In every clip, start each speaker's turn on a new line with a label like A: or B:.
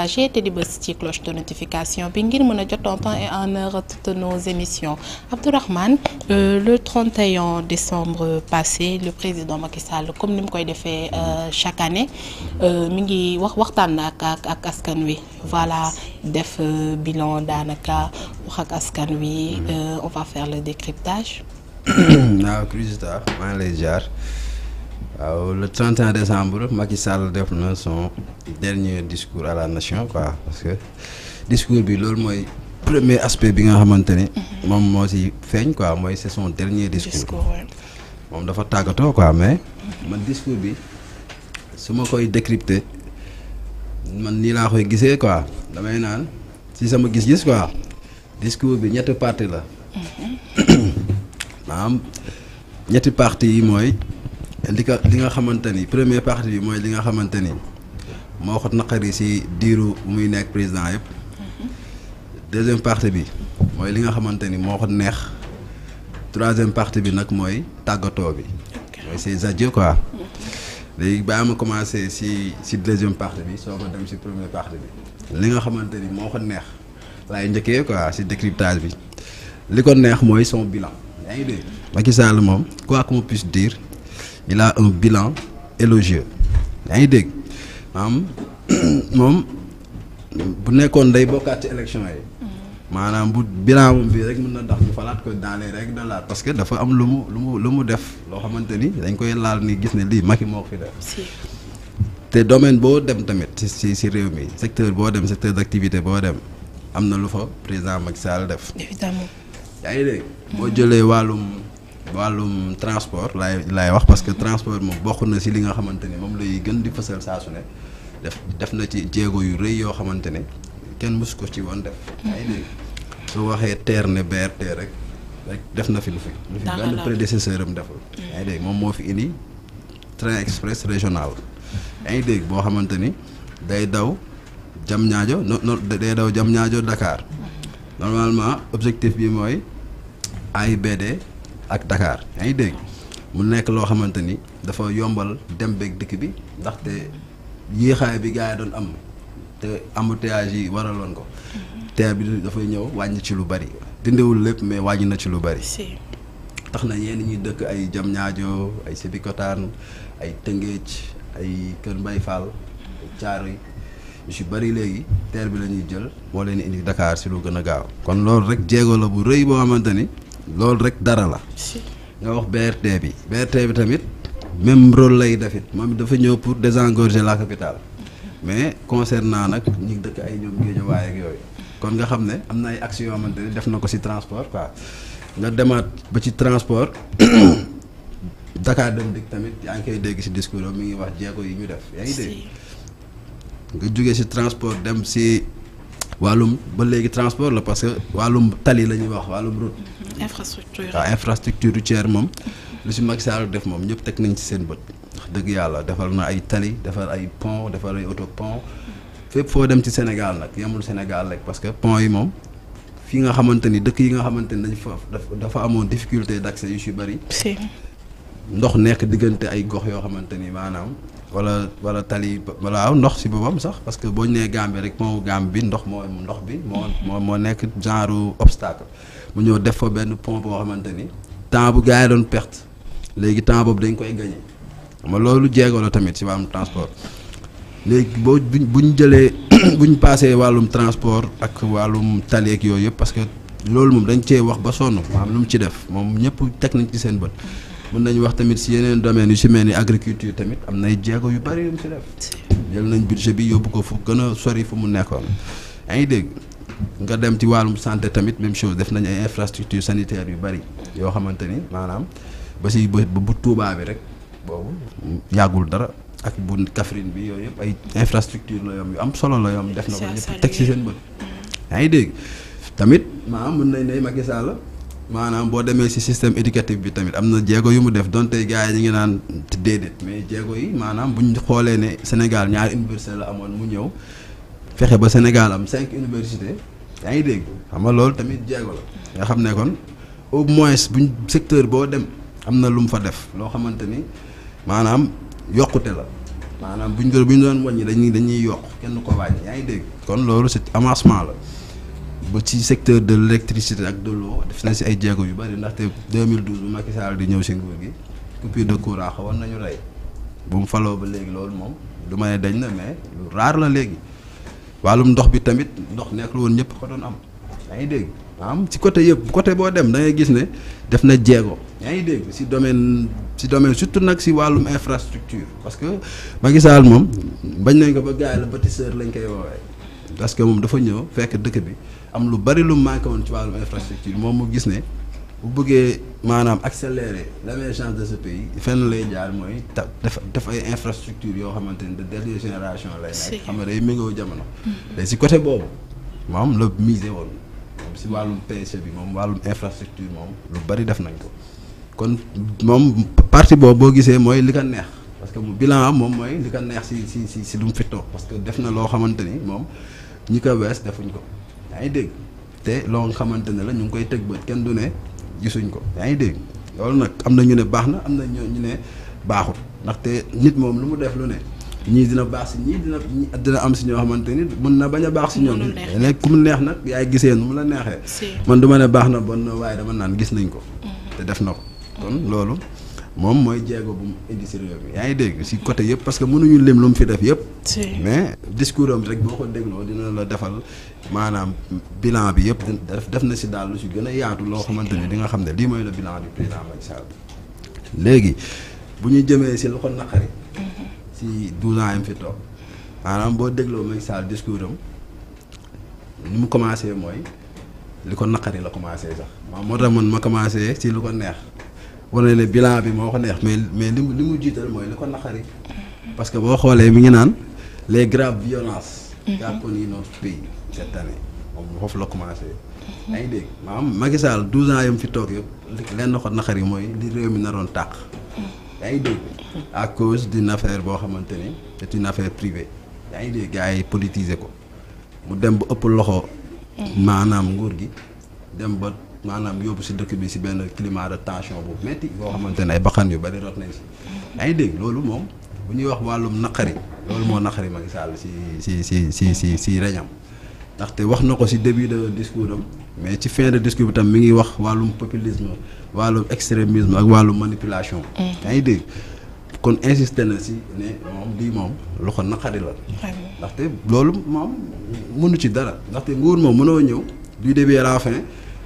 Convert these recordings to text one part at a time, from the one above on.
A: age te di bës ci cloche de notification bi ngir mën a jot en temps et en heure toutes nos émissions Abdourahmane euh, le 31 décembre passé le président Macky Sall comme ni mu koy defee euh, chaque année euh, mi ngi wax waxtaan na ak askan wi voilà def euh, bilan daanaka wax ak askan wi on va faire le décryptage
B: waaw ah, Christa maa ngi lay jaar waaw le 31 décembre Macky Sall def na son dernier discours à la nation quoi parce que discours bi loolu mooy premier aspect bi nga xamante ni. moom moo ci feeñ quoi mooy c'est son dernier discours. moom dafa tàggatoo quoi mais. man discours bi su ma koy décrypter man nii laa koy gisee quoi damay naan ci sama gis-gis quoi discours bi ñetti parti la mhm. maanaam ñetti parti yi mooy. li ko li nga xamante ni première partie bi mooy li nga xamante ni moo ko naqari si diiru muy nekk président yëpp deuxième partie bi mooy li nga xamante ni moo ko neex troisième partie bi nag mooy tàggatoo bi mooy ses quoi léegi ba ma commencé si si deuxième partie bi soo ko dem si première partie bi li nga xamante ni moo ko neex laay njëkkee quoi si décryptage bi li ko neex mooy son bilan yaa ngi dégg Macky Sall moom quoi qu'on puisse dire il a un bilan élogieux yaa ngi dégg maanaam moom bu nekkoon day bokkaat ci élection yi. maanaam bu bilan moom bii rek mën na tax ñu falaat ko dans rek règles de l'art parce que dafa am lu mu lu mu lu mu def loo xamante ni dañ koy laal ni gis ne lii Macky moo fi def. te domaine boo dem tamit ci ci réew mi secteur boo dem secteur d'activité boo dem am na lu fa président mag Sall def. évidemment yaa ngi dégg. boo jëlee wàllum. wàllum transport laay laay wax parce que transport moom bokk na si li nga xamante ne moom lay gën di fësal saa su ne def def na ci jéego yu rëy yoo xamante ne kenn mësu ko ci woon def. soo waxee TER ne BRT rek rek def na fi lu fi. lu fi benn prédécesseur deful. Mm. ay léegi moom moo fi indi train express régional. yaa ngi dégg boo xamante ni day daw jam ñaajo no jam ñaajo Dakar mm. normalement objectif bi mooy AIBD. ak dakaar yaa ngi dégg mu nekk loo xamante ni dafa yombal dem beeg dikk bi ndaxte yéexaay bi gaa yi doon am te embouteillage yi waraloon ko terre bi dafay ñëw wàññi ci lu bari dindiwul lépp mais wàññi na ci lu bari tax na ñeen ñuy dëkk ay Diamniadio ay Sébikotane ay Tëngéej ay Kër Mbay Fall Caaroy yu si bari léegi terre bi lañuy jël moo leen indi dakaar si lu gën a gaaw kon loolu rek jéego la bu rëy boo xamante ni loolu rek dara la. nga wax BRT bi BRT bi tamit même rôle lay defit moom dafa ñëw pour désengorger la capitale mais concernant nag ñi dëkk ay ñoom Guédiawaye ak yooyu kon nga xam ne am na ay actions man xamante def na ko ci transport quoi nga demaat ba ci transport Dakar Dem Dikk tamit yaa ngi koy dégg ci discours mi ngi wax jéego yi ñu def yaa ngi dégg nga jógee ci transport dem ci wàllum ba léegi transport la parce que wàllum tali la ñuy wax wàllum route.
A: infrastructure waaw ah,
B: infrastructure routière moom. lu si Macky Sall def moom ñëpp teg nañ ci seen bët. wax dëgg yàlla defal na ay tali defar ay pont defar ay auto pont fépp foo dem ci Sénégal nag yamul Sénégal rek parce que pont yi moom. fii nga xamante ni dëkk yi nga xamante ni dañ fa dafa amoon difficulté d'accès yu si bëri. ndox nekk diggante ay gox yoo xamante ni maanaam. wala wala tali waaw ndox si boppam sax parce que boo ñu nee Gambie rek moo Gambie bi ndox moo ndox bi moom moom moo nekk genre obstacle mu ñëw def fa benn pont boo xamante ni temps bu gars yi perte léegi temps boobu dañ koy gagné ma loolu jéego la tamit si wàllum transport léegi boo buñ jëlee buñ paasee wàllum transport ak wàllum tali ak yooyu yëpp parce que loolu moom dañ cee wax ba sonn maanaam lu mu ci def moom ñëpp teg nañ ci seen bët. mun nañu wax tamit si yeneen domaines yu si mel ni agriculture tamit am nay jéego yu bari yu mu si def. jël nañ budget bi yóbbu ko fu gën a sori fu mu nekkoon. yaa ngi dégg nga dem ci wàllum santé tamit même chose def nañ ay infrastructure sanitaire yu bari yoo xamante ni maanaam ba si ba bu Tuubaa rek boobu yàggul dara. ak bu Kaffrine bi yooyu yëpp ay infrastructure la yoom yu am solo la yoom def na ko teg ci seen bët yaa ngi dégg tamit maa maanaam boo demee ci système éducatif bi tamit am na jéego yu mu def donte gars yi ñu ngi naan déedéet mais jéego yi maanaam bu ñu xoolee ne Sénégal ñaari université la amoon mu ñëw fexe ba Sénégal am cinq université yaa ngi dégg xam nga loolu tamit jéego la nga xam ne kon au moins buñ secteur boo dem am na lu mu fa def loo xamante ni maanaam yokkute la maanaam buñ doon bu ñu doon wàññi dañuy dañuy yokk kenn ko wàññi yaa ngi dégg kon loolu c'est avancement la. ba ci secteur de l' ak de l'eau def na si ay jéego yu bëri ndaxte 2012 bu Macky Sall di ñëw si nguur gi coupure de courant xawoon nañu rey bu mu faloo ba léegi loolu moom du ma ne dañ na mais lu raar la léegi wàllum ndox bi tamit ndox nekkul woon ñëpp ko doon am yaa ngi dégg am ci côté yëpp côté boo dem da ngay gis ne def na jéego yaa ngi dégg si domaine si domaine surtout nag si wàllum infrastructure parce que Macky moom bañ nañ ko ba gars yi la bâtisseur lañ koy woowee. parce que moom dafa ñëw fekk dëkk bi am lu bari lu manqué woon ci wàllum infrastructure moom mu gis ne bu bëggee maanaam accélérer l'émergence de ce pays fenn lay jaar mooy ta def def ay infrastructure yoo xamante ni de dernière génération lay nekk day méngoo jamono si côté boobu moom la misé woon si wàllum PSE bi moom wàllum infrastructure moom lu bari def nag ko kon moom parti boobu boo gisee mooy li ko neex parce que bilan am moom mooy li ko neex si si si si lu mu fi parce que def na loo xamante ni moom ñi ko wees defuñ ko yaa ngi dégg te loo nga xamante ne la ñu ngi koy teg bët kenn du ne gisuñ ko yaa ngi dégg loolu nag am na ñu ne baax na am na ñu ne baaxul ndaxte nit moom lu mu def lu ne ñii dina baax si ñii dina dina am si ñoo xamante nit mun na bañ a baax si ñoom nekk ku mu neex nag yaay gisee nu mu la neexee man du ma ne baax na bon na waaye dama naan gis nañ ko mm-hmm. te def na ko kon loolu moom mooy jéego bu mu indi si réew yaa ngi dégg si côté yëpp parce que mënuñu lim lu mu fi def yëpp. mais discours am rek boo ko dégloo dina la defal maanaam bilan bi yëpp def na si daal lu si gën a yaatu loo xamante ni di nga xam ne lii mooy le bilan du président Macky léegi bu ñu jëmee si lu ko naqari. si fi toog maanaam boo dégloo Macky Sall discours am ni mu commencé mooy li ko naqari la commencé sax. moo tax man ma commencé si lu ko neex. wane ne bilan bi moo ko neex mais mais li mu li mu jiital mooy li ko naqari parce que boo xoolee mi ngi naan les graves violences. qu'a connu notre pays cette année moom foofu la commencé. yaa ngi dégg maanaam Macky Sall 12 ans yam fi toog yëpp lenn ko naqari mooy li réew mi naroon tàq. yaa ngi dégg à cause d'une affaire boo xamante ni c'est une affaire privée yaa dégg gars yi politiser ko mu dem ba ëpp loxo. maanaam nguur gi dem ba. maanaam yóbbu si dëkk bi si benn climat de tension bu métti boo xamante ne ay bakkan yu bari rot nañ si. yaa dégg loolu moom bu ñuy wax wàllum naqari loolu moo naqari Macky Sall si si si si si si reñam ndaxte wax na ko si début de discours mais ci fin de discours bi tam mi ngi wax wàllum populisme wàllum extrémisme ak wàllum manipulation. Eh. yaa kon insisté na si ne moom lii moom loolu moom mënu ci dara. ndaxte nguur moom mënoo ñëw du début à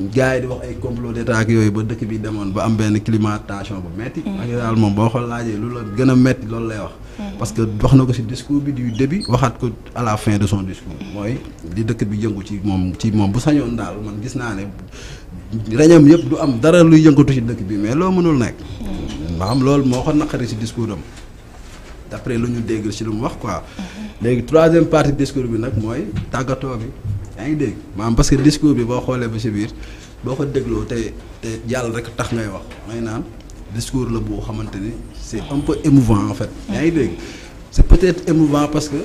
B: gars yi di wax ay complot d'état ak yooyu ba dëkk bi demoon ba am benn climat tension bu metti Macky mm. Sall moom boo xool laajee lu la gën a metti loolu lay wax mm. parce que wax na ko ci discours bi du début waxaat ko à la fin de son discours mooy di dëkk bi yëngu ci moom ci moom bu sañoon daal man gis naa ne reñam yëpp du am dara luy yëngatu ci dëkk bi mais loo mënul nekk maanaam mm. loolu moo ko naqari ci discours am d'après lu ñu dégg ci lu mu wax quoi mm-hmm. léegi troisième partie discours bi nag mooy tàggatoo bi yaa ngi dégg maanaam parce que discours bi boo xoolee ba si biir boo ko dégloo te te jàll rek tax ngay wax may naan discours la boo xamante ni c'est un peu émouvant en fait. yaa ngi dégg c'est peut-être émouvant parce que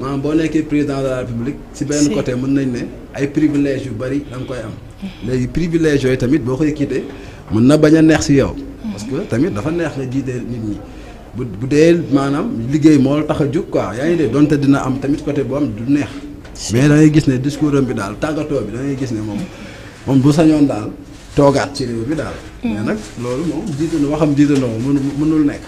B: maanaam boo nekkee président de la république. si benn côté mën nañ ne ay privilèges yu bari da nga koy am. léegi privilèges yooyu tamit boo koy quitté mën na bañ a neex si yow. parce que tamit dafa neex nga jiite nit ñi. bu bu dee maanaam liggéey moo tax a quoi yaa ngi dégg donte dina am tamit côté bu du neex. mais da ngay gis ne discours bi daal tàggatoo bi dangay gis ne moom moom bu sañoon daal toogaat ci réew bi daal. mais mm. nag loolu moom jiitu waxam jiitu na mënu mënul nekk.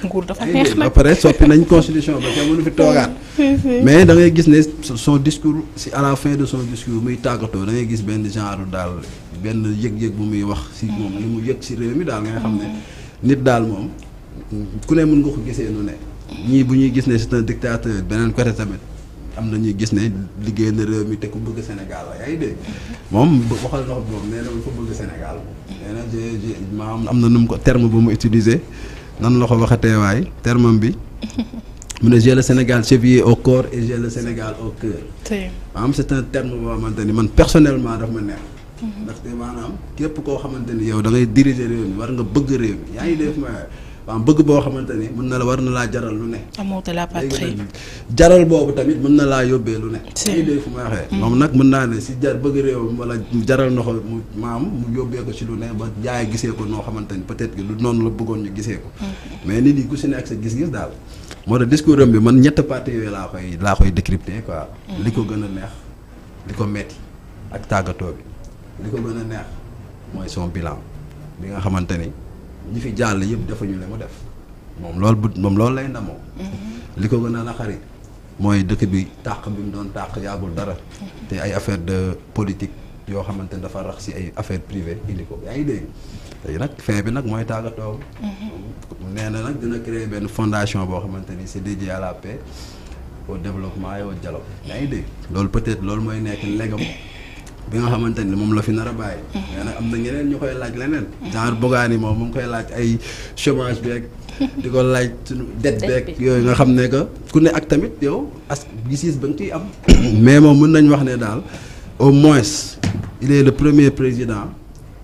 B: Eh, ba pare soppi nañ constitution ba ca mënu fi toogaat. mais da ngay gis ne son discours si à fin de son discours muy tàggatoo da ngay gis benn genre daal benn yëg-yëg bu muy wax si moom mm. li mu yëg si réew mi daal ngay xam ne mm. nit daal moom ku ne mën nga ko gisee nu ne. ñii bu ñuy gis ne c'est un dictateur beneen côté tamit. am na ñu gis ne liggéey na réew mi te ku bëgg Sénégal la yaa ngi moom waxal na boobu nee na ku bëgg Sénégal nee na j maanaam am na nu mu ko terme bu mu utilisé nan la ko waxatee waay terme bi mu a j'ai le Sénégal chevillé au corps et j'ai le Sénégal au cœur maanaam c'est terme boo xamante ni man personnellement daf ma neex mhm. ndaxte maanaam képp koo xamante ni yow da ngay diriger réew mi war nga bëgg réew mi yaa ngi def ma waaw bëgg boo xamante ne mën na la war na laa jaral lu ne.
A: amour de la patrie
B: jaral boobu tamit mën na laa yóbbee lu ne. si dee fu ma waxee. Mm. moom nag mën naa ne si jar bëgg réewam wala jaral na ko mu maam mu yóbbee ko si lu ne ba jaay gisee ko noo xamante ni peut-être lu noonu la bëggoon ñu gisee ko. Mm. mais nit yi ku ne ak sa gis-gis daal. moo tax discours bi man ñett parti yooyu laa koy laa koy décrypter quoi. Mm. li ko gën a neex li ko metti ak tàggatoo bi. li ko gën a neex mooy so bilan nga xamante ni. li fi jàll yëpp defuñu la mu def moom loolu but moom loolu lay ndamoo mhm. li ko gën a naqari mooy dëkk bi tàq bi mu doon tàq yàggul dara mhm. te ay affaire de politique yoo xamante dafa rax si ay affaire privée indi ko yaa ngi dégg nag fin bi nag mooy tàggatoom mhm. nee na nag dina créer benn fondation boo xamante ni c'est dédié à la paix au développement et au dialogue yaa ngi dégg loolu peut-être loolu mooy nekk legam bi nga xamante ni moom la fi nar a bàyyi. mais eh. nag am na ñeneen ñu koy laaj leneen. genre Bougane moom mu ngi koy laaj ay chômage beeg. di ko laaj suñu det beeg yooyu nga xam ne que ku ne ak tamit yow as gis-gis ba nga ciy am. mais moom mën nañu wax ne daal au moins il est le premier président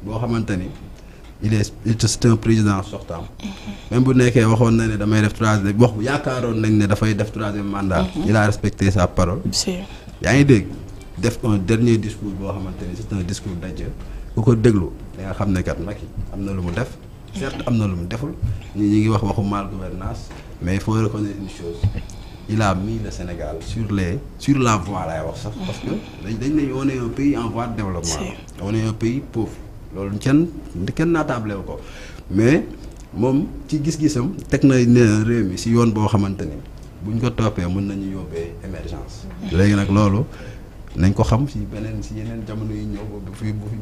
B: boo xamante ni il est c'est président sortant. Eh. même bu nekkee waxoon na ne damay def troisième wax yaakaaroon nañ ne dafay def troisième mandat. Eh. il laa respecté sa parole. yaa ngi dégg. def un dernier discours boo xamante ne c'est un discours d'adieu ku ko déglu da nga xam ne kat Macky am na lu mu def certes am na lu mu deful ñi ñi ngi wax waxu mal gouvernance mais foo faut reconnaître une chose il a mis le Sénégal sur les sur la voie laay wax sax parce que dañ dañu ne on est un pays en voie de développement on est un pays pauvre loolu kenn kenn naataable wu ko mais moom ci gis-gisam teg na ne réew mi si yoon boo xamante ni buñ ko toppee mën nañu yóbbee émergence mm. léegi nag loolu nañ ko xam si beneen si yeneen jamono yi ñëw ba fi bu fi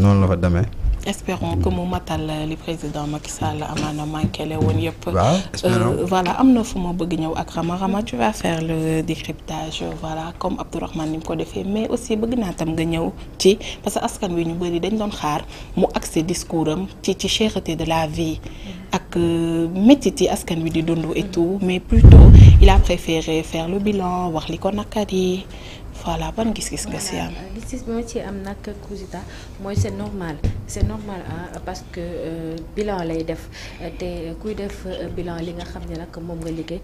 B: noonu la fa demee.
A: espérons que mu matal euh, li président Macky Sall amaana manqué le woon yëpp. waaw euh, am na fu ma bëgg ñëw ak Rama Rama tu vas faire le décryptage voilà comme Abdourahmane ni mu ko defee mais aussi bëgg naa tam nga ñëw ci parce que askan wi ñu bëri dañ doon xaar mu accès discours am ci ci cherté de la vie. ak euh, métit yi askan wi di dund et mais plutôt. il a préféré faire le bilan wax li ko naqari voilà ban gis-gis nga si am.
C: Euh, gis-gis bi ma ci am nag Kouzida mooy c'est normal c'est normal parce que euh, bilan lay def te euh, kuy def billan li nga xam ne nag moom nga liggéey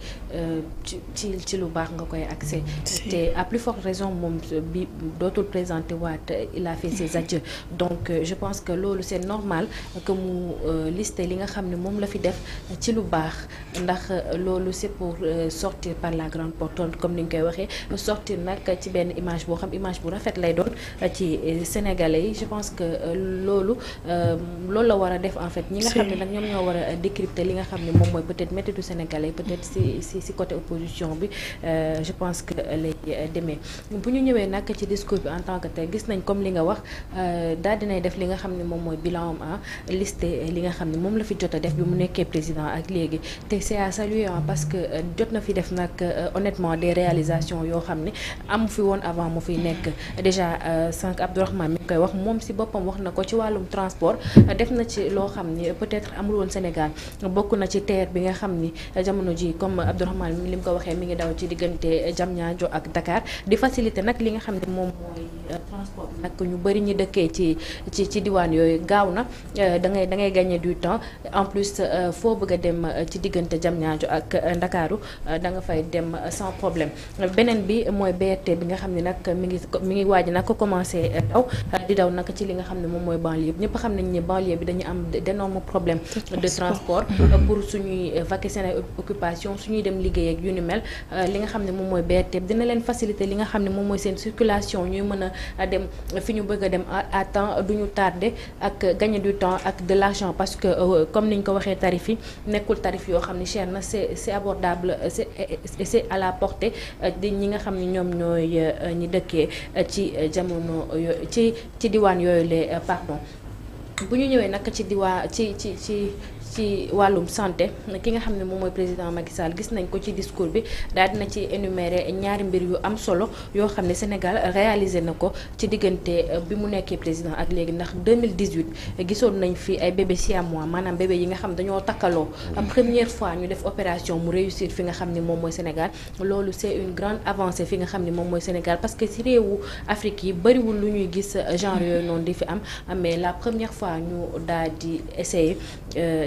C: ci ci lu baax nga koy accès. te à raison moom bi dootul présenté waat il a fait donc je pense que loolu c'est normal que mu liste li nga xam ne moom la fi def ci lu baax ndax loolu c'est pour sortir par la grande porte comme ni ñu koy waxee sortir nag ci benn. benn image boo xam image bu rafet lay doon euh, ci euh, sénégalais yi je pense que euh, loolu loolu la war a def en fait ñi nga xam ne nag ñoom ñoo war a décrypter li nga xam ne moom mooy peut-être méttitu sénégalais peut si si si côté opposition je pense que lay demee bu ñu ñëwee nag ci discours bi en tant que tel gis nañ comme li nga wax daal dinay def li nga xam ne moom mooy bilan am listé li nga xam ne moom la fi jot a def bi mu nekkee président ak léegi te c'est à parce que jot na fi def nag honnêtement des réalisations yoo xam ne am fi woon woon avant mu fiy nekk déjà euh, sànq Abdourahmane mi ngi koy wax moom si boppam wax na ko ci wàllum transport def na ci loo xam ni peut-être amul woon Sénégal bokk na ci TER bi nga xam ni jamono ji comme Abdourahmane li mu ko waxee mi ngi daw ci diggante Diamniadio ak Dakar di faciliter nag li nga xam ne moom transport bi nag ñu bëri ñi dëkkee ci ci ci diwaan yooyu gaaw na euh, da ngay da ngay gagner du temps en plus euh, foo bëgg a dem euh, ci diggante Diamniadio ak Ndakaaru da nga fay dem sans problème beneen bi mooy BRT bi nga xam ne nag mi ngi mi ngi waaj nag commencé daw di daw nag ci li nga xam ne moom mooy banlieue ñëpp xam nañ ne banlieue bi dañu am d'énormes problèmes de transport mm-hmm. pour suñuy vaquer seen ay occupation suñuy dem liggéey ak moom mooy BRT bi dina leen faciliter li nga xam ne moom mooy seen circulation ñuy mën dem fi ñu bëgg a dem à temps du ñu tardé ak gagner du temps ak de l'argent parce que euh, comme ni ñu ko waxee tarif yi nekkul tarif yoo xam ni cher na c'est c'est abordable c'est c'est à la portée euh, di ñi nga xam ni ñoom ñooy euh, ñi dëkkee ci jamono ci ci diwaan yooyu le pardon bu ñu ñëwee nag ci diwaan ci ci ci ci wàllum santé ki nga xam ne moom mooy président Macky Sall gis nañ ko ci discours bi daal na ci énumérer ñaari mbir yu am solo yoo xam ne Sénégal réalisé na ko ci diggante euh, bi mu nekkee président ak léegi ndax 2018 gisoon nañ fi ay bébé siamois maanaam bébé yi nga xam dañoo takkaloo première fois ñu def opération mu réussir fi nga xam ne moom mooy Sénégal loolu c'est une grande avancée fi nga xam ne moom mooy Sénégal parce que si réewu Afrique yi bëriwul lu ñuy gis genre yooyu di fi am mais la première fois ñu daal di essayer euh,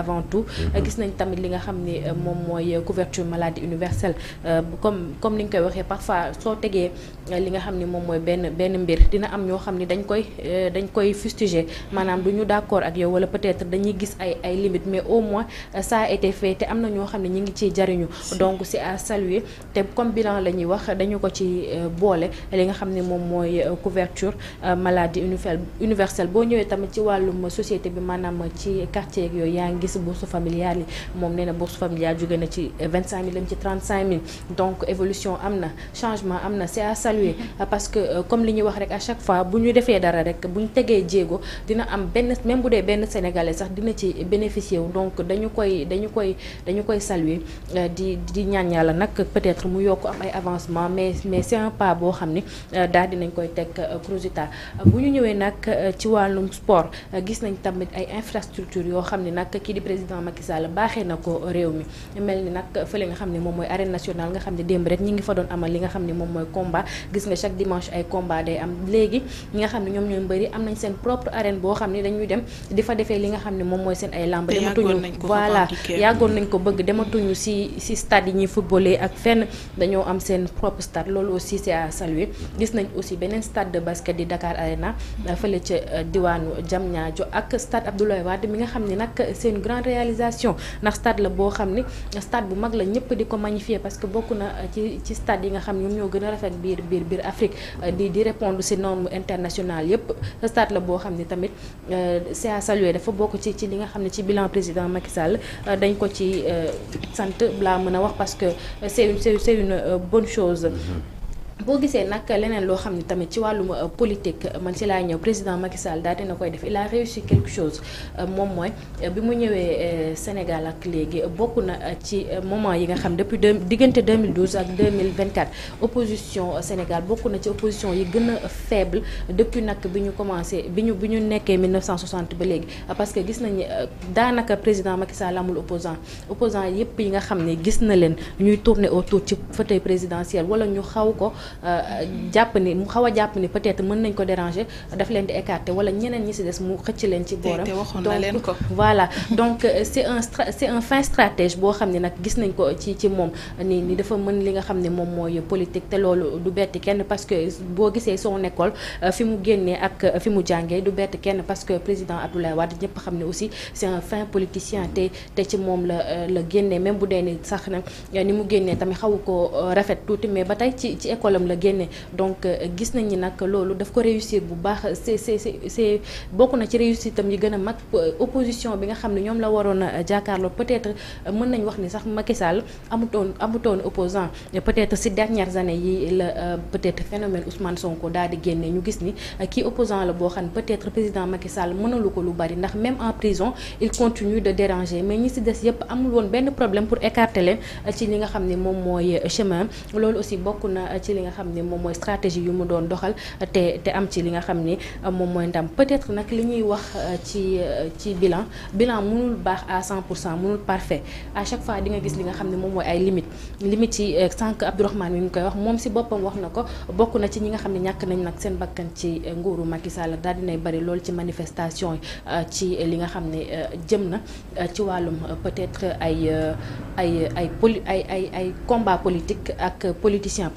C: avant tout. Mhm. Euh, gis nañ tamit li nga xam ne euh, moom mooy couverture maladie universelle euh, comme comme ni nga koy waxee parfois soo tegee li nga xam ne moom mooy benn benn mbir dina am ñoo xam ne dañ koy dañ koy fustiger maanaam du ñu d'accord ak yow wala peut-être dañuy gis ay ay limites mais au moins ça été fait am na ñoo xam ne ñu ngi ciy jariñu donc c'est à saluer te comme bilan la ñuy wax dañu ko ci boole li nga xam ne moom mooy couverture maladie universelle universelle boo ñëwee tamit ci wàllum société bi maanaam ci quartier yooyu yaa ngi si bourse familiale yi moom nee na bourse familiale jóge na ci vingt cinq mille am donc évolution am na changement am na c'est à saluer parce que euh, comme li ñuy wax rek a chaque fois bu ñu defee dara rek bu ñu tegee jéego dina am benn même bu dee benn sénégalais sax dina ci bénéficier wu donc dañu koy dañu koy dañu koy saluer euh, di di ñaan yàlla nag peut-être mu yokk am ay avancement mais mais c'est un pas boo xam ni euh, daal dinañ koy teg Crozita bu ñu ñëwee nag ci wàllum di président Macky Sall baaxee na ko réew mi mel ni nag fële nga xam ne moom mooy arène nationale nga xam ne démb ñi ngi fa doon amal li nga xam ne moom mooy combat gis nga xam ne moom mooy seen ay lamb dematuñu voilà mm-hmm. yàggoon nañ ko bëgg dematuñu si si stade yi ñuy footballé ak fenn dañoo am seen propre stade loolu aussi c'est à saluer gis nañ aussi beneen stade basket di Dakar Arena fële ca euh, diwaanu Diamniadio ak stade Abdoulaye Wade mi nga xam ne grande réalisation ndax stade la boo xam ni stade bu mag la ñëpp di ko magnifier parce que bokk na euh, ci ci stade yi nga xam ñoom ñoo gën a rafet biir biir biir Afrique euh, di di répondre ci normes internationales yëpp stade la boo xam ni tamit euh, c'est à saluer dafa bokk ci ci li nga xam ne ci bilan président Macky Sall dañ ko ci sant laa mën a wax parce que c'est une c'est une bonne chose mm-hmm. boo gisee nag leneen loo xam ne tamit ci wàllu euh, politique euh, man ci laa ñëw président Macky Sall daal koy def il a réussi quelque chose euh, moom mooy bi mu ñëwee Sénégal ak léegi bokk na ci moment yi nga xam depuis de deux diggante 2012 ak 2024 opposition Sénégal bokk na ci opposition yi gën a faible depuis nag bi ñu commencé bi ñu bi ñu nekkee 1960 ba léegi parce que gis nañu daanaka président Macky Sall amul opposant opposant yépp yi nga xam ne gis na leen ñuy tourner autour ci fauteuil présidentiel wala ñu xaw ko. Euh, jàpp ni mu xaw a jàpp ni peut-être mën nañ ko déranger daf leen di écarter wala ñeneen ñi si des mu xëcc leen ci booram donc voilà donc euh, c'est un c'est un fin stratège boo xam ne nag gis nañ ko ci ci moom ni ni dafa mën li nga xam ne moom mooy politique te loolu du betti kenn parce que boo gisee soo école euh, fi mu génnee ak fi mu jàngee du bett kenn parce que président Abdoulaye Wade ñëpp xam ne aussi c'est un fin politicien te ci moom la la génnee même bu dee ni sax nag ni mu génnee ko rafet këram la génne donc euh, gis nañ ni nag loolu daf ko réussir bu baax c'est c'est c'est bokk na ci réussite yi gën a mag opposition bi nga xam ne ñoom la waroon a jàkkaarloo peut-être euh, nañ wax ni sax Macky Sall amutoon amutoon opposant peut-être si dernières années yi la euh, peut-être phénomène Ousmane Sonko daal di génne ñu gis ni kii opposant la boo xam peut-être président Macky Sall mënalu ko lu bari ndax même en prison il de déranger mais ñi si des yëpp amul benn problème pour écarter ci li nga xam ne moom mooy chemin loolu aussi bokk na ci li nga xam ne moom mooy stratégie yu mu doon doxal te te am ci li nga xam ni euh, moom mooy ndam peut-être nag li ñuy wax euh, ci euh, ci bilan bilan mënul baax à cent pour cent mënul parfait à chaque fois di nga gis li nga xam ne moom mooy ay limites limites ci sànq Abdourahmane mi ngi koy wax moom si boppam wax na ko bokk na ci ñi nga xam ne ñàkk nañ nag seen bakkan ci nguuru Macky Sall daal dinay bari loolu ci manifestation ci li nga xam ne jëm na ci wàllum peut-être ay ay ay poli ay ay ak politicien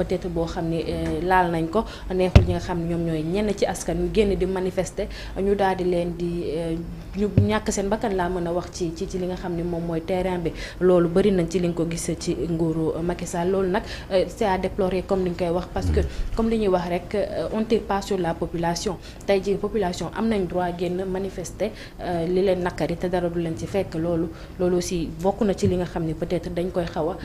C: xam ni euh, laal nañ ko neexul ñi nga xam ne ñoom ñooy ñenn ci askan ñu génn di manifester ñu daal di leen di euh, ñu ñàkk seen bakkan laa mën a wax ci ci ci li nga xam ne moom mooy terrain bi loolu bëri ci li nga ko gis ci nguuru Macky Sall loolu nag euh, c'est à comme ni nga koy wax parce que mm. comme li ñuy wax rek on tire la population tey ji population am nañ droit génn manifester li leen nakari te dara leen ci fekk loolu loolu aussi bokk na ci li nga xam ne peut-être dañ koy xaw a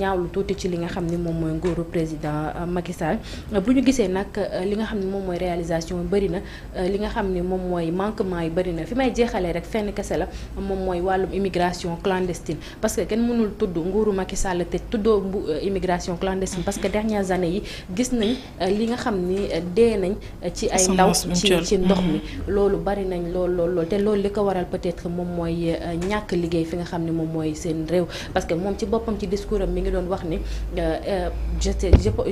C: ñaawlu ci li nga xam ne moom mooy nguuru président Euh, Macky Sall bu ñu gisee nag euh, li nga xam ne moom mooy réalisation yu bëri na euh, li nga xam ne moom mooy manquement yi bëri na fi may jeexalee rek fenn kese la moom mooy wàllum immigration clandestine parce que kenn mënul tudd nguuru Macky Sall te tuddoo bu immigration clandestine parce que dernières années yi gis nañ li nga xam ni dee nañ ci ay ndaw ci ci ndox mi mm-hmm. loolu bari nañ lool lool lool te loolu li ko waral peut-être moom mooy ñàkk liggéey fi nga xam ni moom mooy seen réew parce moom ci boppam ci discours am mi ngi doon wax ni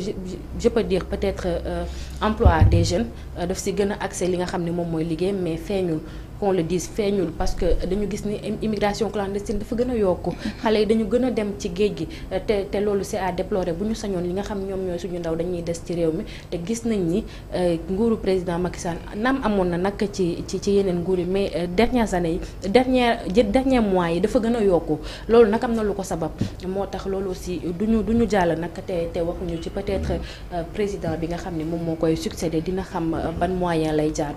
C: je, je dire peut-être euh, euh, emploi des jeunes euh, daf si gën a accès li nga xam ne moom mooy liggéey mais feeñul qu'on le feeñul parce que dañu gis ni immigration clandestine dafa gën a yokku xale yi dañu gën a dem ci géej gi te te loolu c'est à déplorer bu ñu sañoon li nga xam ñoom ñooy suñu ndaw dañuy des ci réew mi te gis nañ ni euh, nguuru président Macky Sall naam amoon na nag ci ci ci yeneen nguur yi mais euh, dernières années yi dernière dernier mois yi dafa gën a yokku loolu nag am na lu ko sabab moo tax loolu aussi duñu du ñu jàll nag te te waxuñu ci peut-être euh, président bi nga xam ne moom moo koy succéder dina xam ban moyen lay jaar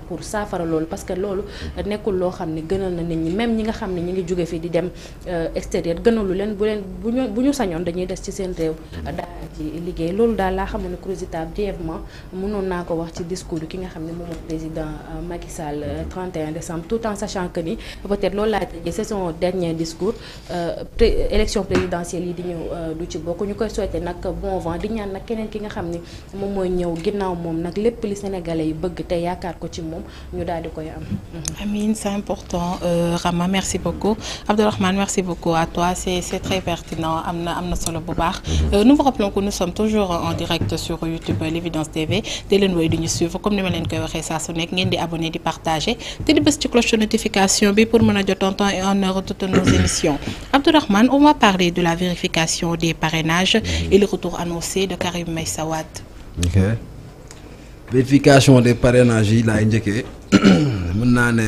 C: nekkul loo xam ne gënal na nit ñi même ñi xam ne ñi ngi jóge fi di dem euh, extérieur gënalu leen bu leen bu ñu bu ñu sañoon dañuy des ci seen réew daal liggéey loolu daal laa xamoon ne Crozita brièvement mënoon naa ko wax ci discours ki nga xam ne moom président euh, Macky Sall 31 euh, décembre tout en sachant que ni peut-être loolu laa tëjee c'est son dernier discours élection présidentielle yi di ñëw du ci bokk ñu koy souhaiter nag bon vent di ñaan nag keneen ki nga xam ne moom mooy ñëw ginnaaw moom nag lépp li sénégalais yi bëgg te yaakaar ko ci moom ñu daal di koy am
A: Amine, c'est important. Euh, Rama, merci beaucoup. Abdelrahman, merci beaucoup à toi. C'est très pertinent. Amna, amna solo mhm. euh, nous vous rappelons que nous sommes toujours en direct sur YouTube L'Évidence TV. Dès le noyer de nous suivre, comme nous l'avons dit, ça sonne. Vous abonner, de partager. Dès le petit cloche de notification pour nous donner en temps et en toutes nos émissions. Abdelrahman, on va parler de la vérification des parrainages mhm. et le retour annoncé de Karim Meissawad.
C: ok vérification des parrainages